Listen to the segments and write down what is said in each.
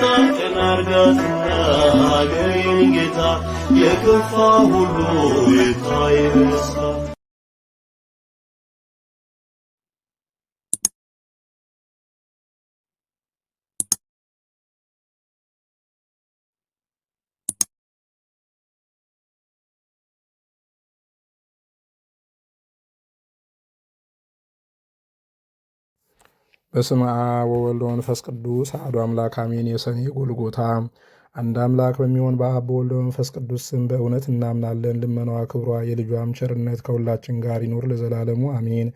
ቀን አርጋት ሀገሬን ጌታ የከፋ ሁሉ የታ በስመ አብ ወወልድ ወመንፈስ ቅዱስ አሐዱ አምላክ አሜን። የሰኔ ጎልጎታ። አንድ አምላክ በሚሆን በአብ በወልድ በመንፈስ ቅዱስ ስም በእውነት እናምናለን። ልመናዋ ክብሯ፣ የልጇም ቸርነት ከሁላችን ጋር ይኖር ለዘላለሙ አሜን።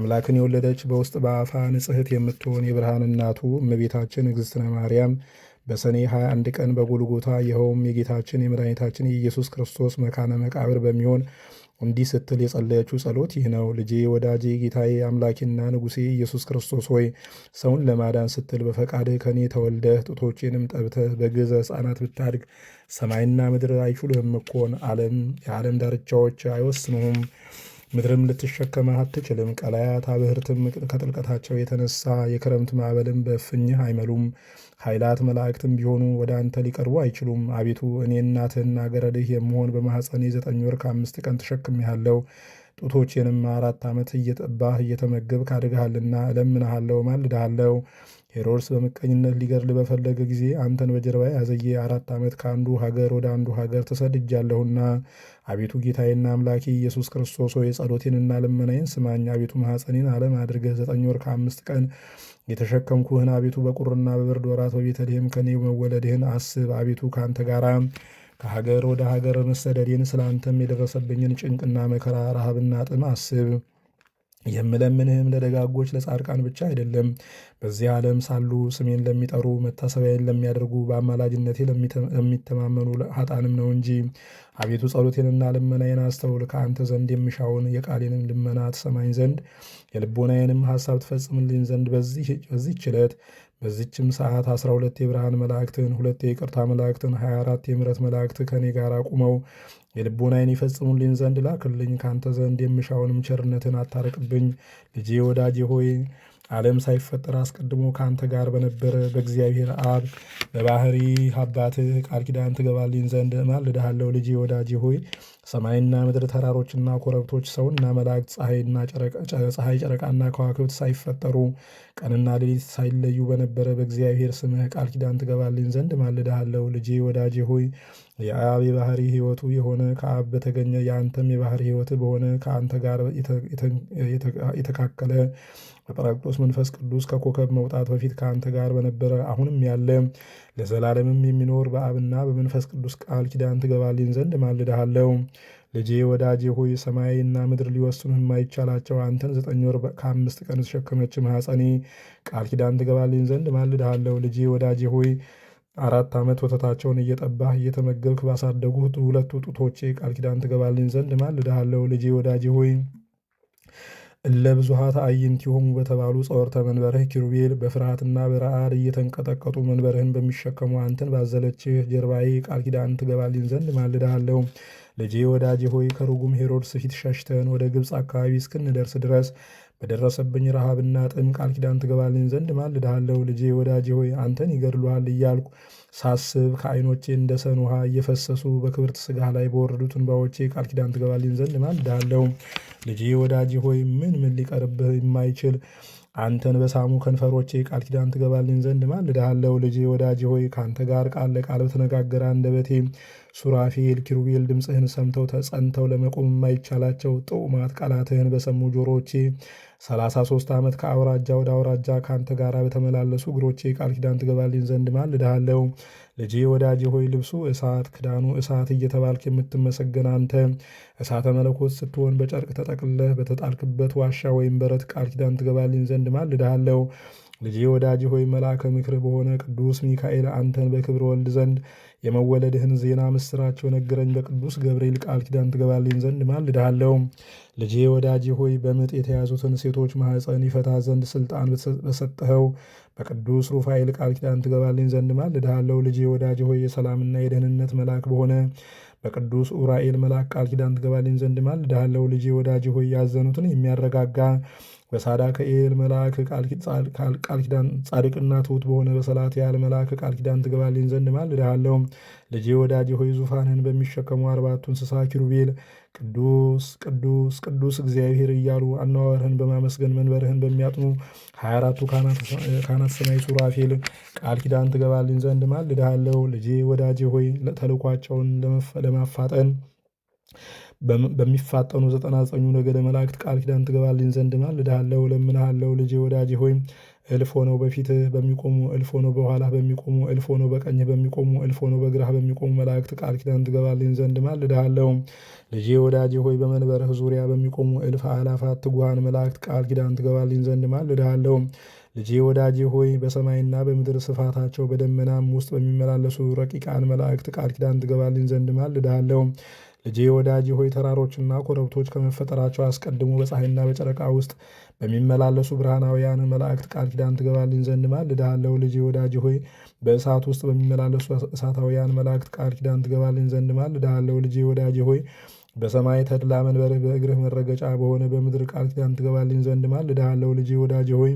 አምላክን የወለደች በውስጥ በአፋ ንጽሕት የምትሆን የብርሃን እናቱ እመቤታችን እግዝእትነ ማርያም በሰኔ 21 ቀን በጎልጎታ ይኸውም የጌታችን የመድኃኒታችን የኢየሱስ ክርስቶስ መካነ መቃብር በሚሆን እንዲህ ስትል የጸለየችው ጸሎት ይህ ነው። ልጄ ወዳጄ፣ ጌታዬ፣ አምላኬና ንጉሴ ኢየሱስ ክርስቶስ ሆይ ሰውን ለማዳን ስትል በፈቃድህ ከኔ ተወልደህ ጡቶቼንም ጠብተህ በግዘ ሕፃናት ብታድግ ሰማይና ምድር አይችሉህም እኮን ዓለም የዓለም ዳርቻዎች አይወስኑህም ምድርም ልትሸከመህ አትችልም። ቀላያት አብህርትም ከጥልቀታቸው የተነሳ የክረምት ማዕበልም በፍኝህ አይመሉም። ኃይላት መላእክትም ቢሆኑ ወደ አንተ ሊቀርቡ አይችሉም። አቤቱ እኔ እናትህና ገረድህ የምሆን በማኅፀኔ ዘጠኝ ወር ከአምስት ቀን ተሸክሜሃለሁ። ጡቶቼንም አራት ዓመት እየጠባህ እየተመገብክ ካድግሃልና እለምንሃለሁ፣ ማልድሃለሁ። ሄሮድስ በምቀኝነት ሊገድል በፈለገ ጊዜ አንተን በጀርባዬ አዘዬ አራት ዓመት ከአንዱ ሀገር ወደ አንዱ ሀገር ተሰድጃለሁና፣ አቤቱ ጌታዬና አምላኬ ኢየሱስ ክርስቶስ ሆይ የጸሎቴንና ልመናዬን ስማኝ። አቤቱ ማኅፀኔን ዓለም አድርገህ ዘጠኝ ወር ከአምስት ቀን የተሸከምኩህን አቤቱ በቁርና በብርድ ወራት በቤተልሔም ከኔ መወለድህን አስብ። አቤቱ ከአንተ ጋራ ከሀገር ወደ ሀገር መሰደዴን ስለ አንተም የደረሰብኝን ጭንቅና መከራ ረሃብና ጥም አስብ። የምለምንህም ለደጋጎች ለጻድቃን ብቻ አይደለም፣ በዚህ ዓለም ሳሉ ስሜን ለሚጠሩ መታሰቢያን ለሚያደርጉ በአማላጅነቴ ለሚተማመኑ ሀጣንም ነው እንጂ። አቤቱ ጸሎቴንና ልመናዬን አስተውል። ከአንተ ዘንድ የምሻውን የቃሌንም ልመና ትሰማኝ ዘንድ የልቦናዬንም ሀሳብ ትፈጽምልኝ ዘንድ በዚህች ዕለት በዚችም ሰዓት 12 የብርሃን መላእክትን ሁለት የይቅርታ መላእክትን 24 አራት የምሕረት መላእክት ከእኔ ጋር ቁመው አይን ይፈጽሙልኝ ዘንድ ላክልኝ ከአንተ ዘንድ የምሻውንም ቸርነትን አታርቅብኝ። ልጄ ወዳጄ ሆይ ዓለም ሳይፈጠር አስቀድሞ ከአንተ ጋር በነበረ በእግዚአብሔር አብ በባህሪ አባትህ ቃል ኪዳን ትገባልኝ ዘንድ እማልድሃለሁ ልጄ ወዳጄ ሆይ ሰማይና ምድር ተራሮችና ኮረብቶች ሰውና መላእክት ፀሐይና ፀሐይ ጨረቃና ከዋክብት ሳይፈጠሩ ቀንና ሌሊት ሳይለዩ በነበረ በእግዚአብሔር ስምህ ቃል ኪዳን ትገባልኝ ዘንድ እማልድሃለሁ ልጄ ወዳጄ ሆይ የአብ የባህሪ ህይወቱ የሆነ ከአብ በተገኘ የአንተም የባህሪ ህይወት በሆነ ከአንተ ጋር የተካከለ በጰራቅሊጦስ መንፈስ ቅዱስ ከኮከብ መውጣት በፊት ከአንተ ጋር በነበረ አሁንም ያለ ለዘላለምም የሚኖር በአብና በመንፈስ ቅዱስ ቃል ኪዳን ትገባልኝ ዘንድ ማልድሃለው። ልጄ ወዳጄ ሆይ ሰማይና ምድር ሊወስኑ የማይቻላቸው አንተን ዘጠኝ ወር ከአምስት ቀን የተሸከመች ማኅፀኔ ቃል ኪዳን ትገባልኝ ዘንድ ማልድሃለው። ልጄ ወዳጄ ሆይ አራት ዓመት ወተታቸውን እየጠባህ እየተመገብክ ባሳደጉህ ሁለቱ ጡቶቼ ቃል ኪዳን ትገባልኝ ዘንድ ማልድሃለው። ልጄ ወዳጄ ሆይ ለብዙሃት አይንት አዕይንቲሆሙ በተባሉ ጸወርተ መንበርህ ኪሩቤል በፍርሃትና በረዓድ እየተንቀጠቀጡ መንበርህን በሚሸከሙ አንተን ባዘለችህ ጀርባዬ ቃል ኪዳን ትገባልኝ ዘንድ ማልዳሃለሁ። ልጄ ወዳጄ ሆይ ከርጉም ሄሮድስ ፊት ሸሽተን ወደ ግብፅ አካባቢ እስክንደርስ ድረስ በደረሰብኝ ረሃብና ጥም ቃል ኪዳን ትገባልኝ ዘንድ ማልድሃለሁ። ልጄ ወዳጄ ሆይ አንተን ይገድሉሃል እያልኩ ሳስብ ከዓይኖቼ እንደ ሰን ውሃ እየፈሰሱ በክብርት ስጋ ላይ በወረዱት እንባዎቼ ቃል ኪዳን ትገባልኝ ዘንድ ማልድሃለሁ። ልጄ ወዳጄ ሆይ ምን ምን ሊቀርብህ የማይችል አንተን በሳሙ ከንፈሮቼ ቃል ኪዳን ትገባልኝ ዘንድ ማልድሃለሁ። ልጄ ወዳጄ ሆይ ከአንተ ጋር ቃል ለቃል በተነጋገረ አንደበቴ ሱራፌል ኪሩቤል ድምፅህን ሰምተው ተጸንተው ለመቆም የማይቻላቸው ጥዑማት ቃላትህን በሰሙ ጆሮቼ ሰላሳ ዓመት ከአውራጃ ወደ አውራጃ ከአንተ ጋር በተመላለሱ እግሮቼ ቃል ኪዳን ትገባልኝ ዘንድ ማልድሃለው። ልጄ ወዳጄ ሆይ ልብሱ እሳት ክዳኑ እሳት እየተባልክ የምትመሰገን አንተ እሳተ መለኮት ስትሆን በጨርቅ ተጠቅለህ በተጣልክበት ዋሻ ወይም በረት ቃል ኪዳን ትገባልኝ ዘንድ ማልድሃለው። ልጄ ወዳጅ ሆይ መልአከ ምክር በሆነ ቅዱስ ሚካኤል አንተን በክብር ወልድ ዘንድ የመወለድህን ዜና ምስራቸው ነገረኝ። በቅዱስ ገብርኤል ቃል ኪዳን ትገባልኝ ዘንድ ማልድሃለው። ልጄ ወዳጅ ሆይ በምጥ የተያዙትን ሴቶች ማህፀን ይፈታ ዘንድ ስልጣን በሰጠኸው በቅዱስ ሩፋኤል ቃል ኪዳን ትገባልኝ ዘንድ ማልድሃለው። ልጄ ወዳጅ ሆይ የሰላምና የደህንነት መልአክ በሆነ በቅዱስ ኡራኤል መልአክ ቃል ኪዳን ትገባልኝ ዘንድ ማልድሃለው። ልጄ ወዳጅ ሆይ ያዘኑትን የሚያረጋጋ ወሳዳ ከኤል መልአክ ቃል ኪዳን ጻድቅና ትሁት በሆነ በሰላት ያል መልአክ ቃል ኪዳን ትገባልኝ ዘንድ ማልድሃለው። ልጄ ወዳጅ ሆይ ዙፋንህን በሚሸከሙ አርባቱ እንስሳ ኪሩቤል ቅዱስ ቅዱስ ቅዱስ እግዚአብሔር እያሉ አነዋወርህን በማመስገን መንበርህን በሚያጥኑ ሀያ አራቱ ካህናት ሰማይ ሱራፌል ቃል ኪዳን ትገባልኝ ዘንድ ማልድሃለው። ልጄ ወዳጅ ሆይ ተልኳቸውን ለማፋጠን በሚፋጠኑ ዘጠና ዘጠኙ ነገደ መላእክት ቃል ኪዳን ትገባልኝ ዘንድ ማልድሃለሁ፣ እለምንሃለሁ ልጄ ወዳጄ ሆይ እልፍ ሆነው በፊትህ በሚቆሙ እልፍ ሆነው በኋላህ በሚቆሙ እልፍ ሆነው በቀኝህ በሚቆሙ እልፍ ሆነው በግራህ በሚቆሙ መላእክት ቃል ኪዳን ትገባልኝ ዘንድ ማልድሃለሁ። ልጄ ወዳጄ ሆይ በመንበርህ ዙሪያ በሚቆሙ እልፍ አላፋት ትጉሃን መላእክት ቃል ኪዳን ትገባልኝ ዘንድ ማልድሃለሁ። ልጄ ወዳጄ ሆይ በሰማይና በምድር ስፋታቸው በደመናም ውስጥ በሚመላለሱ ረቂቃን መላእክት ቃል ኪዳን ትገባልኝ ዘንድ ማልድሃለሁ። ልጄ ወዳጅ ሆይ ተራሮችና ኮረብቶች ከመፈጠራቸው አስቀድሞ በፀሐይና በጨረቃ ውስጥ በሚመላለሱ ብርሃናውያን መላእክት ቃል ኪዳን ትገባልኝ ዘንድ ማልድሃለሁ። ልጄ ወዳጅ ሆይ በእሳት ውስጥ በሚመላለሱ እሳታውያን መላእክት ቃል ኪዳን ትገባልኝ ዘንድ ማልድሃለሁ። ልጄ ወዳጅ ሆይ በሰማይ ተድላ መንበርህ በእግርህ መረገጫ በሆነ በምድር ቃል ኪዳን ትገባልኝ ዘንድ ማልድሃለሁ። ልጄ ወዳጅ ሆይ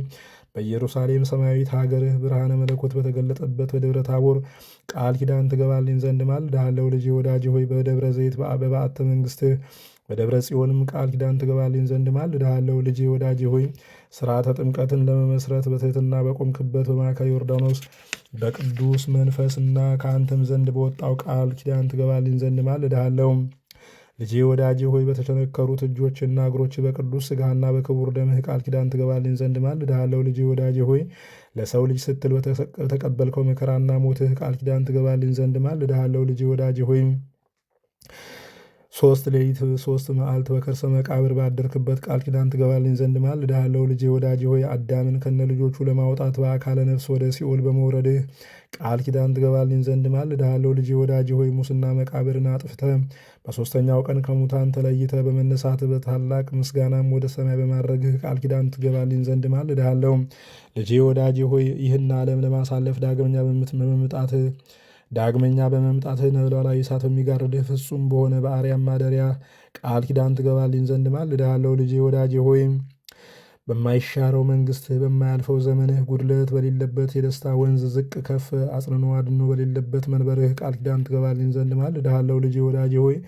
በኢየሩሳሌም ሰማያዊት ሀገርህ ብርሃነ መለኮት በተገለጠበት በደብረ ታቦር ቃል ኪዳን ትገባልኝ ዘንድ ማልድሃለሁ። ልጅ ወዳጅ ሆይ በደብረ ዘይት በበዓተ መንግስትህ በደብረ ጽዮንም ቃል ኪዳን ትገባልኝ ዘንድ ማልድሃለሁ። ልጅ ወዳጅ ሆይ ስርዓተ ጥምቀትን ለመመስረት በትሕትና በቆምክበት በማዕከለ ዮርዳኖስ በቅዱስ መንፈስና ከአንተም ዘንድ በወጣው ቃል ኪዳን ትገባልኝ ዘንድ ማልድሃለሁ። ልጄ ወዳጄ ሆይ በተቸነከሩት እጆችና እግሮች በቅዱስ ስጋና በክቡር ደምህ ቃል ኪዳን ትገባልኝ ዘንድ ማልድሃለው። ልጄ ወዳጄ ሆይ ለሰው ልጅ ስትል በተቀበልከው መከራና ሞትህ ቃል ኪዳን ትገባልኝ ዘንድ ማልድሃለው። ልጄ ወዳጄ ሆይ ሶስት ሌሊት ሶስት መዓልት በከርሰ መቃብር ባደርክበት ቃል ኪዳን ትገባልኝ ዘንድ ማልድሃለሁ። ልጄ ወዳጄ ሆይ አዳምን ከነ ልጆቹ ለማውጣት በአካለ ነፍስ ወደ ሲኦል በመውረድህ ቃል ኪዳን ትገባልኝ ዘንድ ማልድሃለሁ። ልጄ ወዳጄ ሆይ ሙስና መቃብርን አጥፍተ በሶስተኛው ቀን ከሙታን ተለይተ በመነሳት በታላቅ ምስጋናም ወደ ሰማይ በማድረግህ ቃል ኪዳን ትገባልኝ ዘንድ ማልድሃለሁ። ልጄ ወዳጄ ሆይ ይህን ዓለም ለማሳለፍ ዳግመኛ በምትመጣትህ ዳግመኛ በመምጣትህ ነበልባላዊ እሳት በሚጋርድህ ፍጹም በሆነ በአርያም ማደሪያ ቃል ኪዳን ትገባልኝ ዘንድ ማልድሃለው። ልጄ ወዳጄ ሆይም በማይሻረው መንግሥትህ በማያልፈው ዘመንህ ጉድለት በሌለበት የደስታ ወንዝ ዝቅ ከፍ አጽንኖ አድኖ በሌለበት መንበርህ ቃል ኪዳን ትገባልኝ ዘንድ ማልድሃለው። ልጄ ወዳጄ ሆይ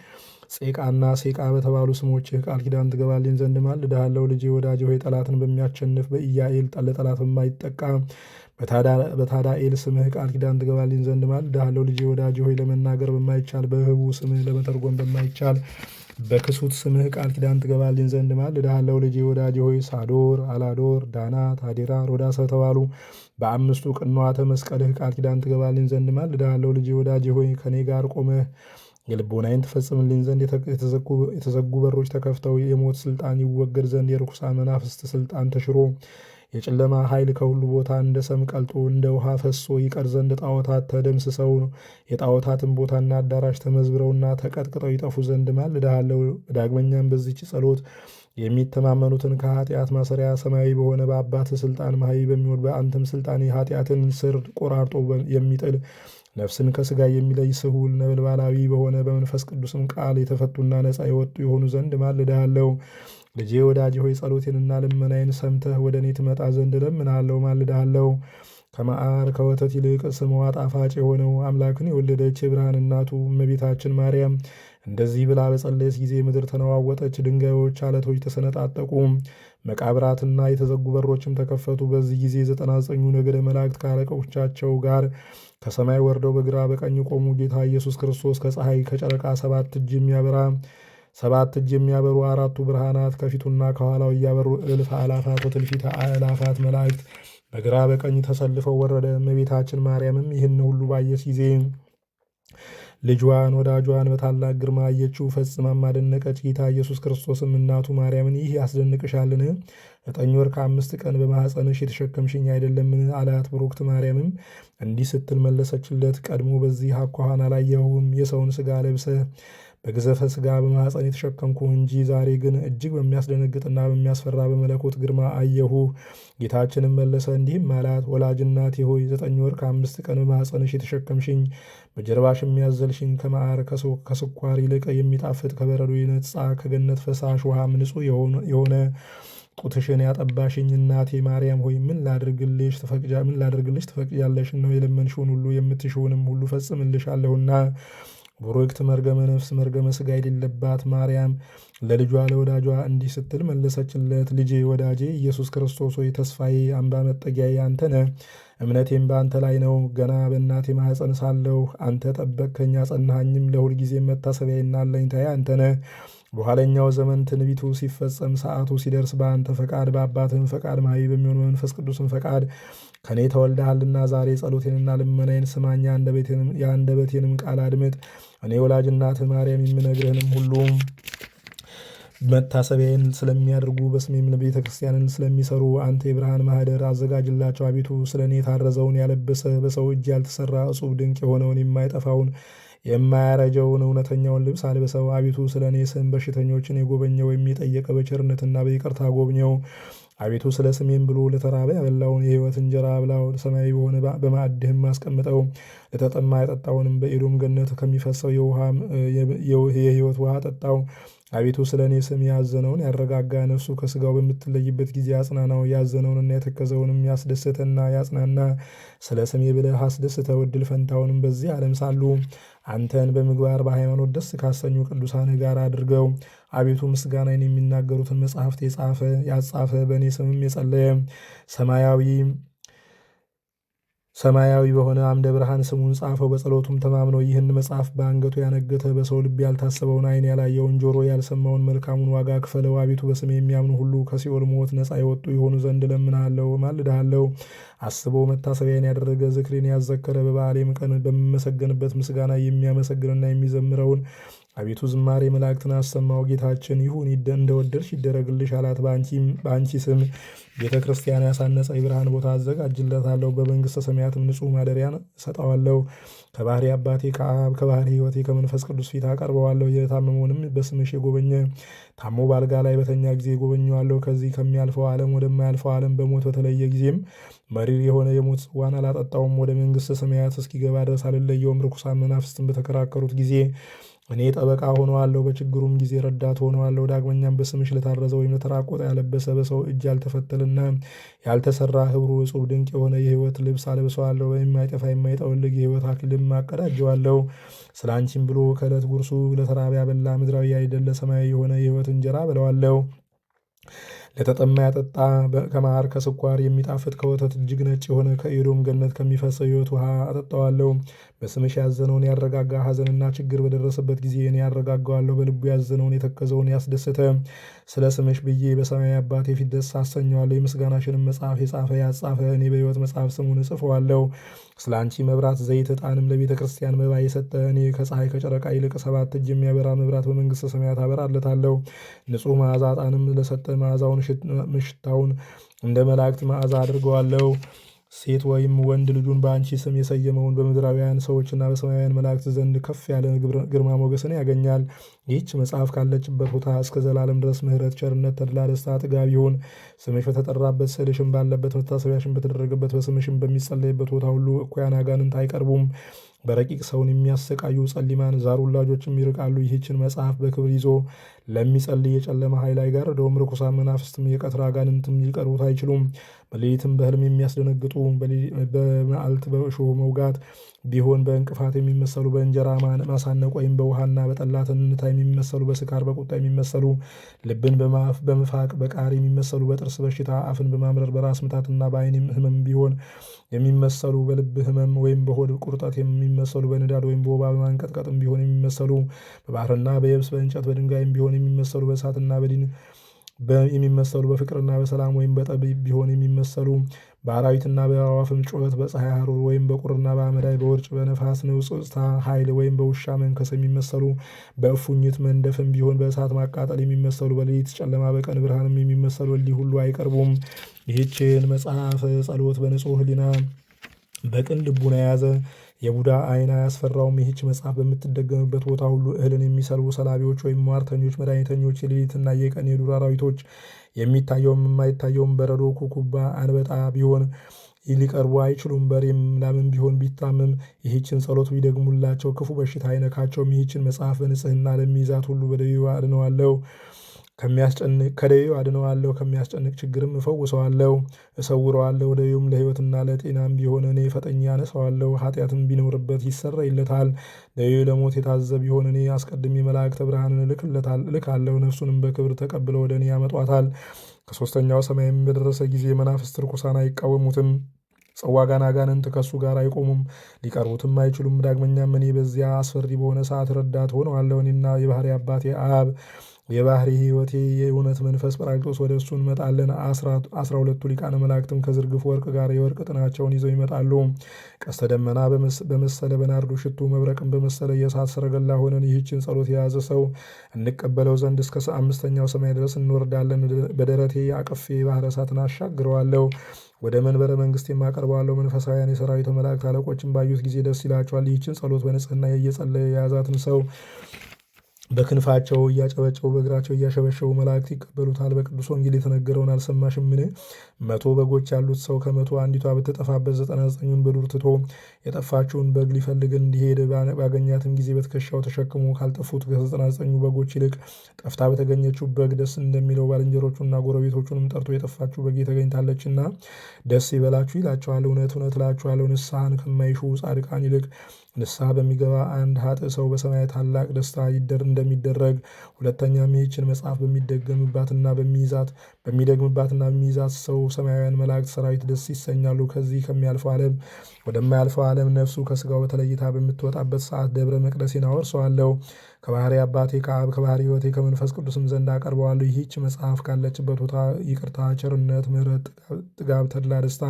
ጼቃና ሴቃ በተባሉ ስሞችህ ቃል ኪዳን ትገባልኝ ዘንድ ማልድሃለው። ልጄ ወዳጄ ሆይ ጠላትን በሚያቸንፍ በኢያኤል ለጠላት በማይጠቃ በታዳኤል ስምህ ቃል ኪዳን ትገባልኝ ዘንድ ማልድሃለሁ። ልጄ ወዳጅ ሆይ ለመናገር በማይቻል በህቡ ስምህ ለመተርጎም በማይቻል በክሱት ስምህ ቃል ኪዳን ትገባልኝ ዘንድ ማልድሃለሁ። ልጄ ወዳጅ ሆይ ሳዶር፣ አላዶር፣ ዳና፣ ታዴራ፣ ሮዳስ በተባሉ በአምስቱ ቅንዋተ መስቀልህ ቃል ኪዳን ትገባልኝ ዘንድ ማልድሃለሁ። ልጄ ወዳጅ ሆይ ከእኔ ጋር ቆመህ የልቦናዬን ትፈጽምልኝ ዘንድ የተዘጉ በሮች ተከፍተው የሞት ስልጣን ይወገድ ዘንድ የርኩሳን መናፍስት ስልጣን ተሽሮ የጨለማ ኃይል ከሁሉ ቦታ እንደ ሰም ቀልጦ እንደ ውሃ ፈሶ ይቀር ዘንድ ጣዖታት ተደምስሰው የጣዖታትን ቦታና አዳራሽ ተመዝብረውና ተቀጥቅጠው ይጠፉ ዘንድ ማልድሃለሁ። ዳግመኛም በዚች ጸሎት የሚተማመኑትን ከኃጢአት ማሰሪያ ሰማያዊ በሆነ በአባት ስልጣን መሐይ በሚሆን በአንተም ስልጣን የኃጢአትን ስር ቆራርጦ የሚጥል ነፍስን ከስጋ የሚለይ ስሁል ነበልባላዊ በሆነ በመንፈስ ቅዱስም ቃል የተፈቱና ነፃ የወጡ የሆኑ ዘንድ ማልድሃለሁ። ልጄ ወዳጅ ሆይ ጸሎቴንና ልመናዬን ሰምተህ ወደ እኔ ትመጣ ዘንድ እለምንሃለሁ፣ ማልድሃለሁ። ከመዓር ከወተት ይልቅ ስሟ ጣፋጭ የሆነው አምላክን የወለደች የብርሃን እናቱ እመቤታችን ማርያም እንደዚህ ብላ በጸለየች ጊዜ ምድር ተነዋወጠች፣ ድንጋዮች፣ አለቶች ተሰነጣጠቁ፣ መቃብራትና የተዘጉ በሮችም ተከፈቱ። በዚህ ጊዜ ዘጠና ዘጠኙ ነገደ መላእክት ከአለቆቻቸው ጋር ከሰማይ ወርደው በግራ በቀኝ ቆሙ። ጌታ ኢየሱስ ክርስቶስ ከፀሐይ ከጨረቃ ሰባት እጅ የሚያበራ ሰባት እጅ የሚያበሩ አራቱ ብርሃናት ከፊቱና ከኋላው እያበሩ እልፍ አላፋት ወትልፊት አላፋት መላእክት በግራ በቀኝ ተሰልፈው ወረደ። እመቤታችን ማርያምም ይህን ሁሉ ባየች ጊዜ ልጇን ወዳጇን በታላቅ ግርማ አየችው፣ ፈጽማ ማደነቀች። ጌታ ኢየሱስ ክርስቶስም እናቱ ማርያምን ይህ ያስደንቅሻልን? ዘጠኝ ወር ከአምስት ቀን በማኅፀንሽ የተሸከምሽኝ አይደለምን? አላት። ብሩክት ማርያምም እንዲህ ስትል መለሰችለት፣ ቀድሞ በዚህ አኳኋን አላየኸውም። የሰውን ስጋ ለብሰህ በግዘፈ ስጋ በማኅፀን የተሸከምኩ እንጂ ዛሬ ግን እጅግ በሚያስደነግጥና በሚያስፈራ በመለኮት ግርማ አየሁ። ጌታችንም መለሰ እንዲህም አላት፣ ወላጅ እናቴ ሆይ ዘጠኝ ወር ከአምስት ቀን በማኅፀንሽ የተሸከምሽኝ በጀርባሽ የሚያዘልሽኝ ከመዓር ከስኳር ይልቅ የሚጣፍጥ ከበረዶ የነጻ ከገነት ፈሳሽ ውሃም ንጹሕ የሆነ ጡትሽን ያጠባሽኝ እናቴ ማርያም ሆይ ምን ላድርግልሽ ምን ላድርግልሽ ትፈቅጃለሽ? ነው የለመንሽውን ሁሉ የምትሽውንም ሁሉ ፈጽምልሻለሁና ቦሮክት መርገመ ነፍስ መርገመ ስጋ የሌለባት ማርያም ለልጇ ለወዳጇ እንዲህ ስትል መለሰችለት። ልጄ ወዳጄ ኢየሱስ ክርስቶስ ሆይ ተስፋዬ፣ አምባ መጠጊያዬ አንተነህ እምነቴም በአንተ ላይ ነው። ገና በእናቴ ማኅፀን ሳለሁ አንተ ጠበቅከኝ፣ አጸናኸኝም። ለሁልጊዜም መታሰቢያዬና አለኝታዬ አንተነህ። በኋለኛው ዘመን ትንቢቱ ሲፈጸም ሰዓቱ ሲደርስ በአንተ ፈቃድ በአባትህም ፈቃድ ማዊ በሚሆን በመንፈስ ቅዱስን ፈቃድ ከእኔ ተወልደሃልና ዛሬ ጸሎቴንና ልመናዬን ስማኝ፣ የአንደበቴንም ቃል አድምጥ። እኔ ወላጅ እናትህ ማርያም የምነግርህንም ሁሉም መታሰቢያን ስለሚያደርጉ በስሜም ቤተ ክርስቲያንን ስለሚሰሩ አንተ የብርሃን ማህደር አዘጋጅላቸው። አቤቱ ስለ እኔ የታረዘውን ያለበሰ በሰው እጅ ያልተሰራ እጹብ ድንቅ የሆነውን የማይጠፋውን የማያረጀውን እውነተኛውን ልብስ አልብሰው። አቤቱ ስለ እኔ ስም በሽተኞችን የጎበኘው የሚጠየቀ በቸርነትና በይቅርታ ጎብኘው። አቤቱ ስለ ስሜም ብሎ ለተራበ ያበላውን የሕይወት እንጀራ ብላው ሰማያዊ በሆነ በማዕድህም አስቀምጠው። ለተጠማ ያጠጣውንም በኤዶም ገነት ከሚፈሰው የሕይወት ውሃ ጠጣው። አቤቱ ስለ እኔ ስም ያዘነውን ያረጋጋ፣ ነፍሱ ከስጋው በምትለይበት ጊዜ አጽናናው። ያዘነውንና የተከዘውንም ያስደስተና ያጽናና፣ ስለ ስሜ ብለህ አስደስተ ዕድል ፈንታውንም በዚህ ዓለም ሳሉ አንተን በምግባር በሃይማኖት ደስ ካሰኙ ቅዱሳን ጋር አድርገው። አቤቱ ምስጋናዬን የሚናገሩትን መጽሐፍት የጻፈ ያጻፈ በእኔ ስምም የጸለየ ሰማያዊ ሰማያዊ በሆነ አምደ ብርሃን ስሙን ጻፈው። በጸሎቱም ተማምነው ይህን መጽሐፍ በአንገቱ ያነገተ በሰው ልብ ያልታሰበውን ዓይን ያላየውን ጆሮ ያልሰማውን መልካሙን ዋጋ ክፈለው። አቤቱ በስሜ የሚያምኑ ሁሉ ከሲኦል ሞት ነጻ የወጡ የሆኑ ዘንድ ለምናለው ማልድሃለው። አስበው መታሰቢያን ያደረገ ዝክሬን ያዘከረ በበዓሌም ቀን በምመሰገንበት ምስጋና የሚያመሰግንና የሚዘምረውን አቤቱ ዝማሬ መላእክትን አሰማው። ጌታችን ይሁን እንደወደድሽ ይደረግልሽ አላት። በአንቺ ስም ቤተ ክርስቲያን ያሳነጸ የብርሃን ቦታ አዘጋጅለታለሁ። በመንግሥተ ሰማያትም ንጹሕ ማደሪያን ሰጠዋለሁ። ከባህሪ አባቴ ከአብ ከባህሪ ሕይወቴ ከመንፈስ ቅዱስ ፊት አቀርበዋለሁ። የታመመውንም በስምሽ የጎበኘ ታሞ ባልጋ ላይ በተኛ ጊዜ ጎበኘዋለሁ። ከዚህ ከሚያልፈው ዓለም ወደማያልፈው ዓለም በሞት በተለየ ጊዜም መሪር የሆነ የሞት ጽዋን አላጠጣውም። ወደ መንግሥተ ሰማያት እስኪገባ ድረስ አልለየውም። ርኩሳን መናፍስትን በተከራከሩት ጊዜ እኔ ጠበቃ ሆነዋለሁ፣ በችግሩም ጊዜ ረዳት ሆነዋለሁ። ዳግመኛም በስምሽ ለታረዘ ወይም ለተራቆጠ ያለበሰ በሰው እጅ ያልተፈተልና ያልተሰራ ህብሩ እጹብ ድንቅ የሆነ የህይወት ልብስ አለብሰዋለሁ። የማይጠፋ የማይጠወልግ የህይወት አክልም አቀዳጀዋለሁ። ስለ አንቺም ብሎ ከዕለት ጉርሱ ለተራበ ያበላ ምድራዊ አይደለ ሰማያዊ የሆነ የህይወት እንጀራ ብለዋለሁ። ለተጠማ ያጠጣ ከማር ከስኳር የሚጣፍጥ ከወተት እጅግ ነጭ የሆነ ከኤዶም ገነት ከሚፈሰው ህይወት ውሃ አጠጣዋለሁ። በስምሽ ያዘነውን ያረጋጋ፣ ሐዘንና ችግር በደረሰበት ጊዜ እኔ ያረጋጋዋለሁ። በልቡ ያዘነውን የተከዘውን ያስደሰተ ስለ ስምሽ ብዬ በሰማያዊ አባቴ ፊት ደስ አሰኘዋለሁ። የምስጋናሽንም መጽሐፍ የጻፈ ያጻፈ እኔ በሕይወት መጽሐፍ ስሙን እጽፈዋለሁ። ስለ አንቺ መብራት፣ ዘይት፣ ዕጣንም ለቤተ ክርስቲያን መባ የሰጠ እኔ ከፀሐይ ከጨረቃ ይልቅ ሰባት እጅ የሚያበራ መብራት በመንግሥተ ሰማያት አበራለታለሁ። ንጹሕ መዓዛ ዕጣንም ለሰጠ መዓዛውን ምሽታውን እንደ መላእክት መዓዛ አድርገዋለሁ። ሴት ወይም ወንድ ልጁን በአንቺ ስም የሰየመውን በምድራውያን ሰዎችና በሰማያውያን መላእክት ዘንድ ከፍ ያለ ግርማ ሞገስን ያገኛል። ይህች መጽሐፍ ካለችበት ቦታ እስከ ዘላለም ድረስ ምሕረት፣ ቸርነት፣ ተድላ፣ ደስታ፣ ጥጋብ ይሁን። ስምሽ በተጠራበት ስዕልሽም ባለበት መታሰቢያሽን በተደረገበት በስምሽን በሚጸለይበት ቦታ ሁሉ እኩያን አጋንንት አይቀርቡም። በረቂቅ ሰውን የሚያሰቃዩ ጸሊማን ዛር ውላጆችም ይርቃሉ። ይህችን መጽሐፍ በክብር ይዞ ለሚጸልይ የጨለመ ኃይል አይጋርደውም። ርኩሳን መናፍስትም የቀትር አጋንንትም ሊቀርቡት አይችሉም። በሌሊትም በህልም የሚያስደነግጡ በመዓልት በእሾህ መውጋት ቢሆን በእንቅፋት የሚመሰሉ በእንጀራ ማሳነቅ ወይም በውሃና በጠላ ትንታ የሚመሰሉ በስካር በቁጣ የሚመሰሉ ልብን በመፋቅ በቃር የሚመሰሉ በጥርስ በሽታ አፍን በማምረር በራስ ምታትና በአይን ህመም ቢሆን የሚመሰሉ በልብ ህመም ወይም በሆድ ቁርጠት የሚመሰሉ በንዳድ ወይም በወባ በማንቀጥቀጥም ቢሆን የሚመሰሉ በባህርና በየብስ በእንጨት በድንጋይም ቢሆን የሚመሰሉ በእሳትና በዲን የሚመሰሉ በፍቅርና በሰላም ወይም በጠብ ቢሆን የሚመሰሉ በአራዊትና በአዋፍም ጩኸት በፀሐይ ሐሩር ወይም በቁርና በአመዳይ በውርጭ በነፋስ ንውፅውፅታ ኃይል ወይም በውሻ መንከስ የሚመሰሉ በእፉኝት መንደፍም ቢሆን በእሳት ማቃጠል የሚመሰሉ በሌሊት ጨለማ በቀን ብርሃንም የሚመሰሉ እንዲህ ሁሉ አይቀርቡም። ይህችን መጽሐፍ ጸሎት በንጹህ ሕሊና በቅን ልቡና የያዘ የቡዳ አይና አያስፈራውም። ይህች መጽሐፍ በምትደገምበት ቦታ ሁሉ እህልን የሚሰልቡ ሰላቢዎች ወይም ሟርተኞች፣ መድኃኒተኞች፣ የሌሊትና የቀን የዱር አራዊቶች የሚታየውም የማይታየውም በረዶ፣ ኩኩባ፣ አንበጣ ቢሆን ሊቀርቡ አይችሉም። በሬም ላምም ቢሆን ቢታመም ይህችን ጸሎት ቢደግሙላቸው ክፉ በሽታ አይነካቸውም። ይህችን መጽሐፍ በንጽህና ለሚይዛት ሁሉ በደዌዋ አድነዋለው። ከሚያስጨንቅ ከደዌው አድነዋለሁ ከሚያስጨንቅ ችግርም እፈውሰዋለሁ እሰውረዋለሁ ደዌውም ለሕይወትና ለጤናም ቢሆን እኔ ፈጥኜ አነሳዋለሁ ኃጢአትም ቢኖርበት ይሰረይለታል ደዩ ለሞት የታዘ ቢሆን እኔ አስቀድሜ መላእክተ ብርሃንን እልክለታል እልካለሁ ነፍሱንም በክብር ተቀብለው ወደ እኔ ያመጧታል ከሶስተኛው ሰማይም በደረሰ ጊዜ መናፍስት ርኩሳን አይቃወሙትም ጽዋጋን አጋንንት ከሱ ጋር አይቆሙም ሊቀርቡትም አይችሉም ዳግመኛም እኔ በዚያ አስፈሪ በሆነ ሰዓት ረዳት ሆነዋለሁ እኔና የባሕርይ አባቴ አብ የባህሪ ህይወቴ የእውነት መንፈስ ጰራቅሊጦስ ወደ እሱ እንመጣለን። አስራ ሁለቱ ሊቃነ መላእክትም ከዝርግፍ ወርቅ ጋር የወርቅ ጥናቸውን ይዘው ይመጣሉ። ቀስተ ደመና በመሰለ በናርዶ ሽቱ መብረቅን በመሰለ የእሳት ሰረገላ ሆነን ይህችን ጸሎት የያዘ ሰው እንቀበለው ዘንድ እስከ አምስተኛው ሰማይ ድረስ እንወርዳለን። በደረቴ አቅፌ ባህረ እሳትን አሻግረዋለሁ። ወደ መንበረ መንግስት የማቀርበዋለው መንፈሳውያን የሰራዊት መላእክት አለቆችን ባዩት ጊዜ ደስ ይላቸዋል። ይህችን ጸሎት በንጽህና እየጸለየ የያዛትን ሰው በክንፋቸው እያጨበጨቡ በእግራቸው እያሸበሸቡ መላእክት ይቀበሉታል። በቅዱስ ወንጌል የተነገረውን አልሰማሽምን? መቶ በጎች ያሉት ሰው ከመቶ አንዲቷ በተጠፋበት ዘጠና ዘጠኙን በዱር ትቶ የጠፋችውን በግ ሊፈልግ እንዲሄድ ባገኛትም ጊዜ በትከሻው ተሸክሞ ካልጠፉት ከዘጠና ዘጠኙ በጎች ይልቅ ጠፍታ በተገኘችው በግ ደስ እንደሚለው ባልንጀሮቹና ጎረቤቶቹንም ጠርቶ የጠፋችው በግ ተገኝታለችና ደስ ይበላችሁ ይላቸዋል። እውነት እውነት እላችኋለሁ ንስሐን ከማይሹ ጻድቃን ይልቅ ንስሐ በሚገባ አንድ ሀጥ ሰው በሰማይ ታላቅ ደስታ ይደር እንደሚደረግ ሁለተኛ ይህችን መጽሐፍ በሚደገምባትና በሚይዛት በሚደግምባትና በሚይዛት ሰው ሰማያውያን መላእክት ሰራዊት ደስ ይሰኛሉ። ከዚህ ከሚያልፈው ዓለም ወደማያልፈው ዓለም ነፍሱ ከስጋው በተለይታ በምትወጣበት ሰዓት ደብረ መቅደሴን አወርሰዋለሁ። ከባሕሪ አባቴ ከአብ ከባሕሪ ሕይወቴ ከመንፈስ ቅዱስም ዘንድ አቀርበዋለሁ። ይህች መጽሐፍ ካለችበት ቦታ ይቅርታ፣ ቸርነት፣ ምሕረት፣ ጥጋብ፣ ተድላ፣ ደስታ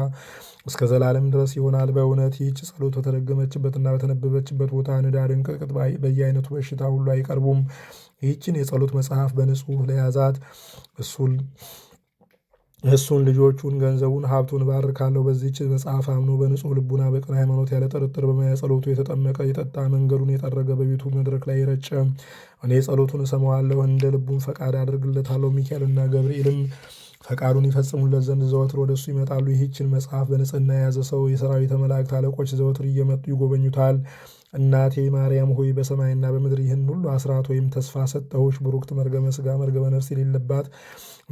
እስከ ዘላለም ድረስ ይሆናል። በእውነት ይህች ጸሎት በተደገመችበትና በተነበበችበት ቦታ ንዳድ፣ እንቅጥቅጥ፣ በየአይነቱ በሽታ ሁሉ አይቀርቡም። ይህችን የጸሎት መጽሐፍ በንጹህ ለያዛት እሱን እሱን ልጆቹን ገንዘቡን ሀብቱን ባርካለሁ። በዚህች መጽሐፍ አምኖ በንጹህ ልቡና በቅን ሃይማኖት ያለ ጥርጥር በማያ ጸሎቱ የተጠመቀ የጠጣ መንገዱን የጠረገ በቤቱ መድረክ ላይ የረጨ እኔ ጸሎቱን እሰማዋለሁ፣ እንደ ልቡን ፈቃድ አድርግለታለሁ። ሚካኤልና ገብርኤልም ፈቃዱን ይፈጽሙለት ዘንድ ዘወትር ወደ እሱ ይመጣሉ። ይህችን መጽሐፍ በንጽህና የያዘ ሰው የሰራዊተ መላእክት አለቆች ዘወትር እየመጡ ይጎበኙታል። እናቴ ማርያም ሆይ በሰማይና በምድር ይህን ሁሉ አስራት ወይም ተስፋ ሰጠሁሽ። ብሩክት መርገመ ስጋ መርገመ ነፍስ የሌለባት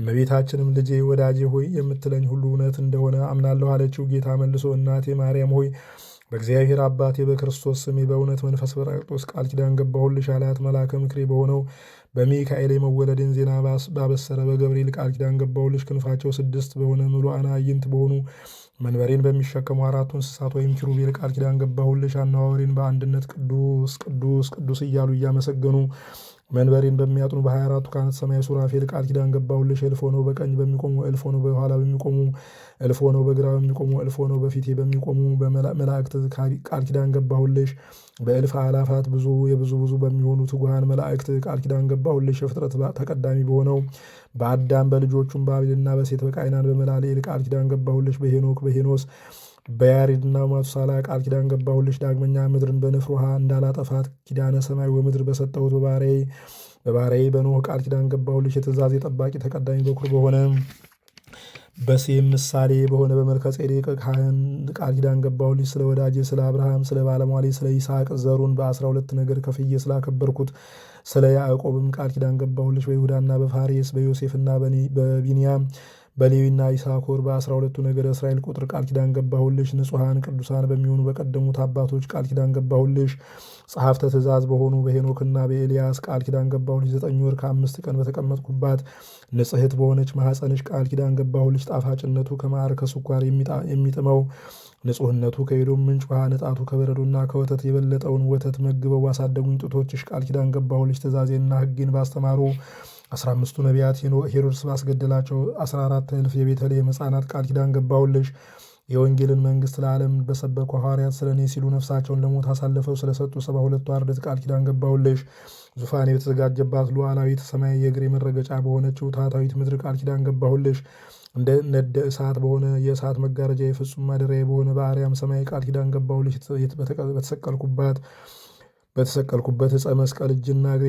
እመቤታችንም ልጄ ወዳጄ ሆይ የምትለኝ ሁሉ እውነት እንደሆነ አምናለሁ አለችው። ጌታ መልሶ እናቴ ማርያም ሆይ በእግዚአብሔር አባቴ በክርስቶስ ስሜ በእውነት መንፈስ በጠቅጦስ ቃል ኪዳን ገባሁልሽ አላት። መላከ ምክሬ በሆነው በሚካኤል የመወለድን ዜና ባበሰረ በገብርኤል ቃል ኪዳን ገባሁልሽ። ክንፋቸው ስድስት በሆነ አና አይንት በሆኑ መንበሬን በሚሸከሙ አራቱ እንስሳት ወይም ኪሩቤል ቃል ኪዳን ገባሁልሽ። አነዋወሬን በአንድነት ቅዱስ ቅዱስ ቅዱስ እያሉ እያመሰገኑ መንበሬን በሚያጥኑ በሀያ አራቱ ካህናተ ሰማይ ሱራፌል ቃል ኪዳን ገባሁልሽ። እልፍ ሆነው በቀኝ በሚቆሙ እልፍ ሆነው በኋላ በሚቆሙ እልፍ ሆነው በግራ በሚቆሙ እልፍ ሆነው በፊቴ በሚቆሙ መላእክት ቃል ኪዳን ገባሁልሽ። በእልፍ አላፋት ብዙ የብዙ ብዙ በሚሆኑ ትጉሃን መላእክት ቃል ኪዳን ገባሁልሽ። የፍጥረት ተቀዳሚ በሆነው በአዳም በልጆቹም በአቤልና በሴት በቃይናን በመላልኤል ቃል ኪዳን ገባሁልሽ። በሄኖክ በሄኖስ በያሬድና ማቱሳላ ቃል ኪዳን ገባሁልሽ ዳግመኛ ምድርን በንፍር ውሃ እንዳላጠፋት ኪዳነ ሰማይ ወምድር በሰጠሁት በባሕርዬ በባሕርዬ በኖህ ቃል ኪዳን ገባሁልሽ የትእዛዝ ጠባቂ ተቀዳሚ በኩር በሆነ በሴም ምሳሌ በሆነ በመልከጼዴቅ ካህን ቃል ኪዳን ገባሁልሽ ስለ ወዳጄ ስለ አብርሃም ስለ ባለሟሌ ስለ ይስሐቅ ዘሩን በአስራ ሁለት ነገር ከፍዬ ስላከበርኩት ስለ ያዕቆብም ቃል ኪዳን ገባሁልሽ በይሁዳና በፋሬስ በዮሴፍና በቢንያም በሌዊና ይሳኮር በአስራ ሁለቱ ነገደ እስራኤል ቁጥር ቃል ኪዳን ገባሁልሽ። ንጹሐን ቅዱሳን በሚሆኑ በቀደሙት አባቶች ቃል ኪዳን ገባሁልሽ። ጸሐፍተ ትእዛዝ በሆኑ በሄኖክና በኤልያስ ቃል ኪዳን ገባሁልሽ። ዘጠኝ ወር ከአምስት ቀን በተቀመጥኩባት ንጽሕት በሆነች ማኅፀንሽ ቃል ኪዳን ገባሁልሽ። ጣፋጭነቱ ከማር ከስኳር የሚጥመው ንጹህነቱ ከኤዶም ምንጭ ውሃ ንጣቱ ከበረዶና ከወተት የበለጠውን ወተት መግበው አሳደጉኝ ጡቶችሽ ቃል ኪዳን ገባሁልሽ። ትእዛዜና ሕጌን ባስተማሩ አስራ አምስቱ ነቢያት ሄሮድስ ባስገደላቸው አስራ አራት እልፍ የቤተልሔም ሕፃናት ቃል ኪዳን ገባሁልሽ የወንጌልን መንግስት ለዓለም በሰበኩ ሐዋርያት ስለ እኔ ሲሉ ነፍሳቸውን ለሞት አሳልፈው ስለሰጡ ሰባ ሁለቱ አርድእት ቃል ኪዳን ገባሁልሽ ዙፋኔ በተዘጋጀባት ሉዓላዊት ሰማይ የእግር መረገጫ በሆነችው ታታዊት ምድር ቃል ኪዳን ገባሁልሽ እንደ ነደ እሳት በሆነ የእሳት መጋረጃ የፍጹም ማደሪያ በሆነ በአርያም ሰማይ ቃል ኪዳን ገባሁልሽ በተሰቀልኩባት በተሰቀልኩበት ዕፀ መስቀል እጅና እግሬ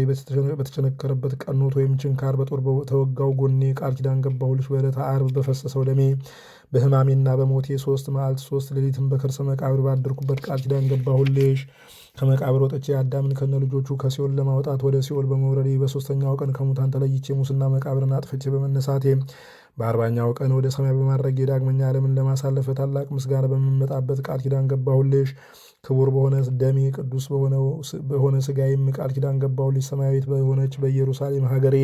በተቸነከረበት ቀኖት ወይም ችንካር በጦር በተወጋው ጎኔ ቃል ኪዳን ገባሁልሽ በዕለተ ዓርብ በፈሰሰው ደሜ በሕማሜና በሞቴ ሶስት መዓልት ሶስት ሌሊትን በከርሰ መቃብር ባደርኩበት ቃል ኪዳን ገባሁልሽ። ከመቃብር ወጥቼ አዳምን ከነ ልጆቹ ከሲኦል ለማውጣት ወደ ሲኦል በመውረዴ በሶስተኛው ቀን ከሙታን ተለይቼ ሙስና መቃብርን አጥፍቼ በመነሳቴ በአርባኛው ቀን ወደ ሰማይ በማድረግ የዳግመኛ ዓለምን ለማሳለፍ ታላቅ ምስጋና በምመጣበት ቃል ኪዳን ገባሁልሽ። ክቡር በሆነ ደሜ ቅዱስ በሆነ ስጋ ቃል ኪዳን ገባሁልሽ። ሰማያዊት በሆነች በኢየሩሳሌም ሀገሬ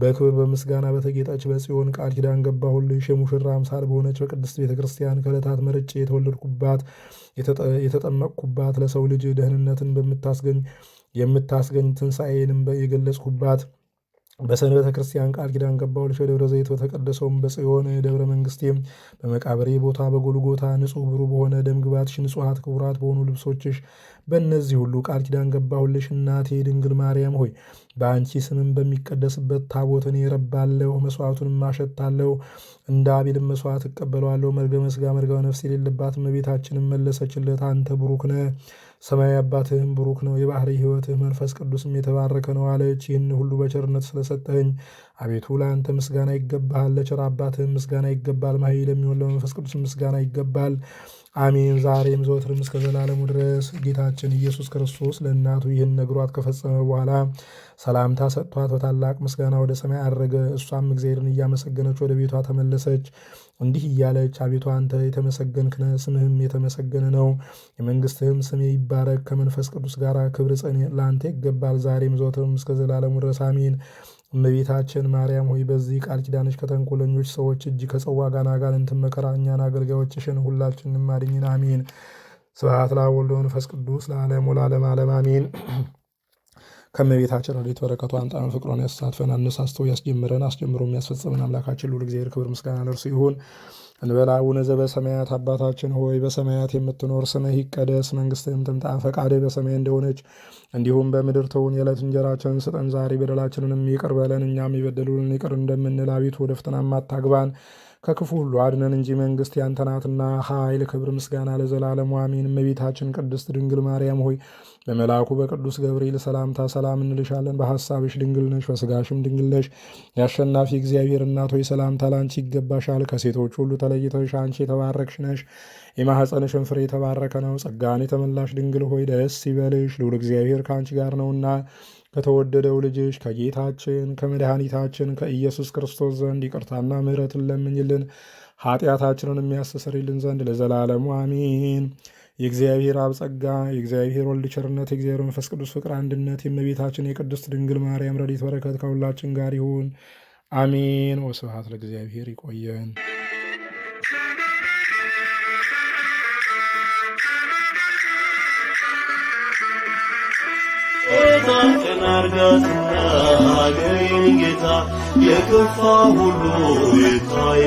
በክብር በምስጋና በተጌጠች በጽዮን ቃል ኪዳን ገባሁልሽ። የሙሽራ አምሳል በሆነች በቅድስት ቤተ ክርስቲያን ከዕለታት መርጬ የተወለድኩባት የተጠመቅኩባት ለሰው ልጅ ደህንነትን በምታስገኝ የምታስገኝ ትንሣኤንም የገለጽኩባት በሰንበተ ክርስቲያን ቃል ኪዳን ገባው ልሽ ደብረ ዘይት በተቀደሰውም በጽዮን ደብረ መንግስቴም በመቃብሬ ቦታ በጎልጎታ ንጹህ ብሩ በሆነ ደምግባትሽ ንጹሐት ክቡራት በሆኑ ልብሶችሽ በእነዚህ ሁሉ ቃል ኪዳን ገባሁልሽ እናቴ ድንግል ማርያም ሆይ በአንቺ ስምም በሚቀደስበት ታቦትን እኔ ረባለሁ፣ መስዋዕቱንም እንደ አቤልም መስዋዕት እቀበለዋለሁ። መርገመ ሥጋ መርገመ ነፍስ የሌለባት እመቤታችንም መለሰችለት አንተ ቡሩክ ነህ ሰማያዊ አባትህም ብሩክ ነው፣ የባህሪ ሕይወትህ መንፈስ ቅዱስም የተባረከ ነው አለች። ይህን ሁሉ በቸርነት ስለሰጠኝ አቤቱ ለአንተ ምስጋና ይገባሃል። ለቸር አባትህም ምስጋና ይገባል። ማኅይ ለሚሆን ለመንፈስ ቅዱስ ምስጋና ይገባል። አሜን። ዛሬም ዘወትርም እስከ ዘላለሙ ድረስ ጌታችን ኢየሱስ ክርስቶስ ለእናቱ ይህን ነግሯት ከፈጸመ በኋላ ሰላምታ ሰጥቷት በታላቅ ምስጋና ወደ ሰማይ አድረገ። እሷም እግዚአብሔርን እያመሰገነች ወደ ቤቷ ተመለሰች። እንዲህ እያለች አቤቱ አንተ የተመሰገንክ ነህ፣ ስምህም የተመሰገነ ነው። የመንግስትህም ስሜ ይባረክ። ከመንፈስ ቅዱስ ጋር ክብር ጸኔ ለአንተ ይገባል። ዛሬም ዘወትርም እስከ ዘላለሙ ድረስ አሜን። እመቤታችን ማርያም ሆይ በዚህ ቃል ኪዳንሽ ከተንኮለኞች ሰዎች እጅ ከጸዋ ጋና ጋር እንትመከራ እኛን አገልጋዮችሽን ሁላችንም አድኝን። አሜን። ስብሐት ለአብ ወወልድ ወመንፈስ ቅዱስ ለዓለሙ ለዓለም ዓለም አሚን። ከእመቤታችን ረድኤት በረከቱ አንጣን ፍቅሮን ያሳትፈን። አነሳስቶ ያስጀምረን አስጀምሮ የሚያስፈጽመን አምላካችን ልዑል እግዚአብሔር ክብር ምስጋና ለእርሱ ይሁን። እንበል አቡነ ዘበሰማያት አባታችን ሆይ በሰማያት የምትኖር ስምህ ይቀደስ፣ መንግስትህም ትምጣ፣ ፈቃድህ በሰማይ እንደሆነች እንዲሁም በምድር ትሁን። የዕለት እንጀራችንን ስጠን ዛሬ፣ በደላችንንም ይቅር በለን እኛም የበደሉንን ይቅር እንደምንል አቤቱ፣ ወደ ፈተናም አታግባን ከክፉ ሁሉ አድነን እንጂ መንግስት ያንተ ናትና ኃይል፣ ክብር፣ ምስጋና ለዘላለሙ አሜን። እመቤታችን ቅድስት ድንግል ማርያም ሆይ በመልአኩ በቅዱስ ገብርኤል ሰላምታ ሰላም እንልሻለን። በሐሳብሽ ድንግል ነሽ፣ በስጋሽም ድንግል ነሽ። የአሸናፊ እግዚአብሔር እናት ሆይ ሰላምታ ላንቺ ይገባሻል። ከሴቶች ሁሉ ተለይተሽ አንቺ የተባረክሽ ነሽ፣ የማኅፀንሽን ፍሬ የተባረከ ነው። ጸጋን የተመላሽ ድንግል ሆይ ደስ ይበልሽ፣ ልዑል እግዚአብሔር ከአንቺ ጋር ነውና ከተወደደው ልጅሽ ከጌታችን ከመድኃኒታችን ከኢየሱስ ክርስቶስ ዘንድ ይቅርታና ምሕረትን ለምኝልን ኃጢአታችንን የሚያስተሰርይልን ዘንድ ለዘላለሙ አሚን። የእግዚአብሔር አብ ጸጋ፣ የእግዚአብሔር ወልድ ቸርነት፣ የእግዚአብሔር መንፈስ ቅዱስ ፍቅር አንድነት፣ የእመቤታችን የቅድስት ድንግል ማርያም ረድኤት በረከት ከሁላችን ጋር ይሁን፣ አሜን። ወስብሐት ለእግዚአብሔር። ይቆየን። የክፋ ሁሉ የታይ